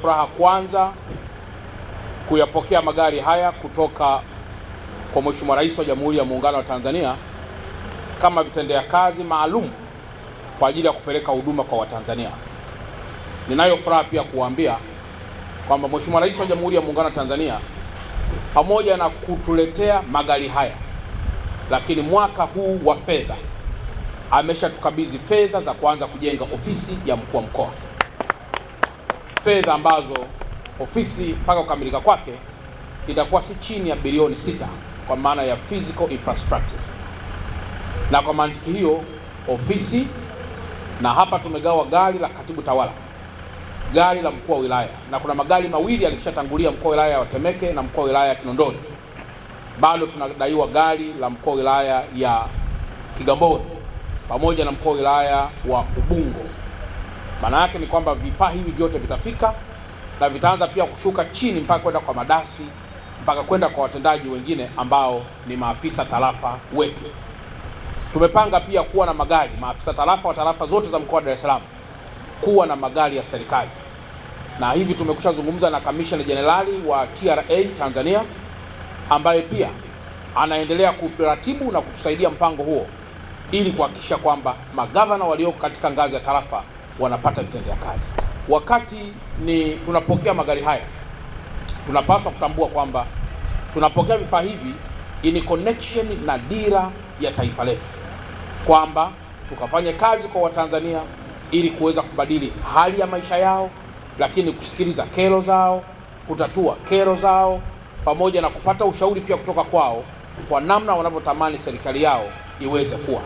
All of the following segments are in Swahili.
Furaha kwanza kuyapokea magari haya kutoka kwa Mheshimiwa Rais wa Jamhuri ya Muungano wa Tanzania kama vitendea kazi maalum kwa ajili ya kupeleka huduma kwa Watanzania. Ninayo furaha pia kuwaambia kwamba Mheshimiwa Rais wa Jamhuri ya Muungano wa Tanzania pamoja na kutuletea magari haya, lakini mwaka huu wa fedha ameshatukabidhi fedha za kuanza kujenga ofisi ya mkuu wa mkoa fedha ambazo ofisi mpaka kukamilika kwake itakuwa si chini ya bilioni sita kwa maana ya physical infrastructures. Na kwa mantiki hiyo ofisi, na hapa tumegawa gari la katibu tawala, gari la mkuu wa wilaya, na kuna magari mawili yalikishatangulia mkuu wa wilaya wa Temeke na mkuu wa wilaya ya Kinondoni. Bado tunadaiwa gari la mkuu wa wilaya ya Kigamboni pamoja na mkuu wa wilaya wa Ubungo. Maana yake ni kwamba vifaa hivi vyote vitafika na vitaanza pia kushuka chini mpaka kwenda kwa madasi mpaka kwenda kwa watendaji wengine ambao ni maafisa tarafa wetu. Tumepanga pia kuwa na magari maafisa tarafa wa tarafa zote za mkoa wa Dar es Salaam kuwa na magari ya serikali, na hivi tumekusha zungumza na kamishna jenerali wa TRA Tanzania ambaye pia anaendelea kuratibu na kutusaidia mpango huo ili kuhakikisha kwamba magavana walioko katika ngazi ya tarafa wanapata vitendea kazi. Wakati ni tunapokea magari haya, tunapaswa kutambua kwamba tunapokea vifaa hivi in connection na dira ya taifa letu, kwamba tukafanye kazi kwa Watanzania ili kuweza kubadili hali ya maisha yao, lakini kusikiliza kero zao, kutatua kero zao, pamoja na kupata ushauri pia kutoka kwao kwa namna wanavyotamani serikali yao iweze kuwa.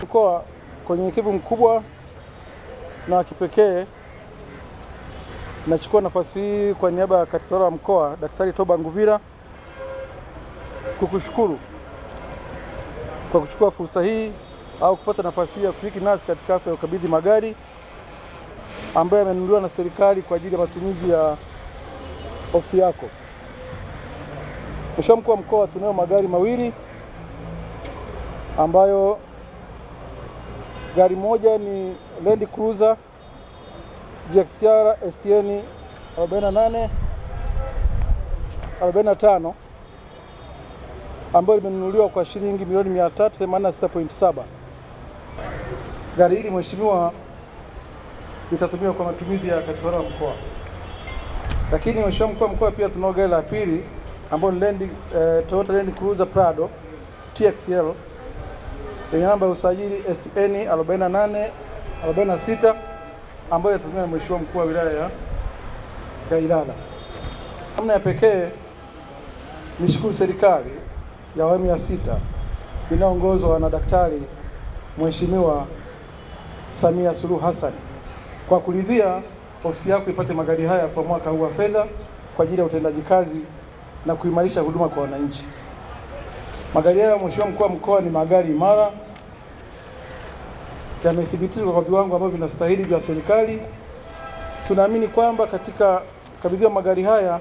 Tuko kwenye kivu mkubwa na kipekee. Nachukua nafasi hii kwa niaba ya katibu wa mkoa Daktari Toba Nguvira kukushukuru kwa kuchukua fursa hii au kupata nafasi hii ya kushiriki nasi katika hafla ya ukabidhi magari ambayo yamenunuliwa na serikali kwa ajili ya matumizi ya ofisi yako. Mheshimiwa Mkuu wa Mkoa, tunayo magari mawili ambayo Gari moja ni Land Cruiser GXR STN 48 45 ambayo limenunuliwa kwa shilingi milioni 386.7. Gari hili mheshimiwa, litatumiwa kwa matumizi ya katika mkoa, lakini mheshimiwa mkuu wa mkoa, pia tunao gari la pili ambalo ni Land, eh, Toyota Land Cruiser Prado TXL yenye namba ya usajili STN 48 46 ambayo inatumia Mheshimiwa mkuu wa wilaya ya Ilala. Namna ya pekee nishukuru serikali ya awamu ya sita inayoongozwa na Daktari Mheshimiwa Samia Suluhu Hassan kwa kuridhia ofisi yako ipate magari haya kwa mwaka huu wa fedha kwa ajili ya utendaji kazi na kuimarisha huduma kwa wananchi. Magari hayo Mheshimiwa Mkuu wa Mkoa ni magari imara, yamethibitishwa kwa viwango ambavyo vinastahili vya serikali. Tunaamini kwamba katika kabidhiwa magari haya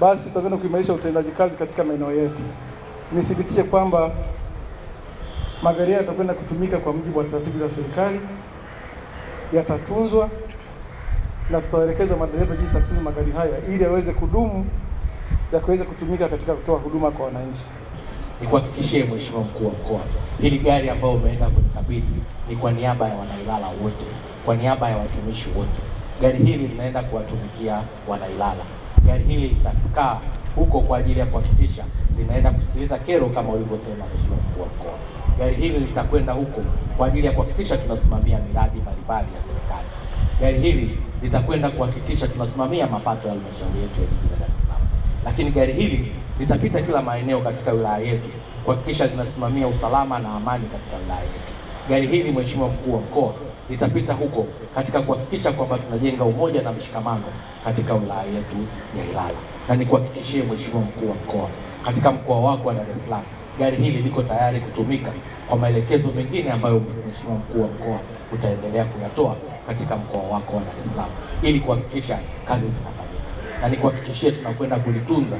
basi tutakwenda kuimarisha utendaji kazi katika maeneo yetu. Nithibitishe kwamba magari haya yatakwenda kutumika kwa mujibu wa taratibu za serikali, yatatunzwa na tutawaelekeza madereva jinsi ya magari haya ili yaweze kudumu za kuweza kutumika katika kutoa huduma kwa wananchi. Nikuhakikishie Mheshimiwa mkuu wa mkoa, hili gari ambayo umeenda kunikabidhi ni kwa niaba ya Wanailala wote, kwa niaba ya watumishi wote. Gari hili linaenda kuwatumikia Wanailala. Gari hili litakaa huko kwa ajili ya kuhakikisha linaenda kusikiliza kero kama ulivyosema Mheshimiwa mkuu wa mkoa. Gari hili litakwenda huko kwa ajili ya kuhakikisha tunasimamia miradi mbalimbali ya serikali. Gari hili litakwenda kuhakikisha tunasimamia mapato ya halmashauri yetu ya jiji lakini gari hili litapita kila maeneo katika wilaya yetu kuhakikisha linasimamia usalama na amani katika wilaya yetu. Gari hili Mheshimiwa Mkuu wa Mkoa, litapita huko katika kuhakikisha kwamba tunajenga umoja na mshikamano katika wilaya yetu ya Ilala, na nikuhakikishie Mheshimiwa Mkuu wa Mkoa, katika mkoa wako wa Dar es Salaam gari hili liko tayari kutumika kwa maelekezo mengine ambayo Mheshimiwa Mkuu wa Mkoa utaendelea kuyatoa katika mkoa wako wa Dar es Salaam ili kuhakikisha kazi zinafanyika na nikuhakikishie tunakwenda kulitunza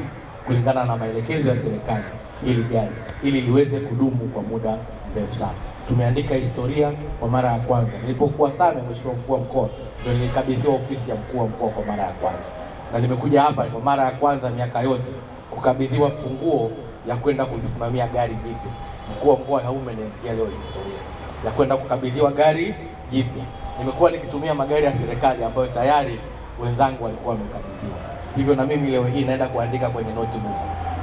kulingana na maelekezo ya serikali, ili gari ili liweze kudumu kwa muda mrefu sana. Tumeandika historia kwa mara ya kwanza. Nilipokuwa Same, mheshimiwa mkuu wa mkoa, ndio nilikabidhiwa ofisi ya mkuu wa mkoa kwa mara ya kwanza, na nimekuja hapa kwa mara ya kwanza miaka yote kukabidhiwa funguo ya kwenda kulisimamia gari jipya. Mkuu wa mkoa Naume niandikia leo historia ya kwenda kukabidhiwa gari jipya. Nimekuwa nikitumia magari ya serikali ambayo tayari wenzangu walikuwa wamekabidhiwa. Hivyo na mimi leo hii naenda kuandika kwenye notebook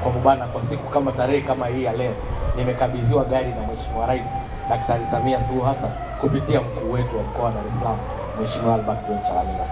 kwa bwana, kwa siku kama tarehe kama hii ya leo nimekabidhiwa gari na Mheshimiwa Rais Daktari Samia Suluhu Hassan kupitia mkuu wetu wa mkoa wa Dar es Salaam Mheshimiwa Albert Chalamila.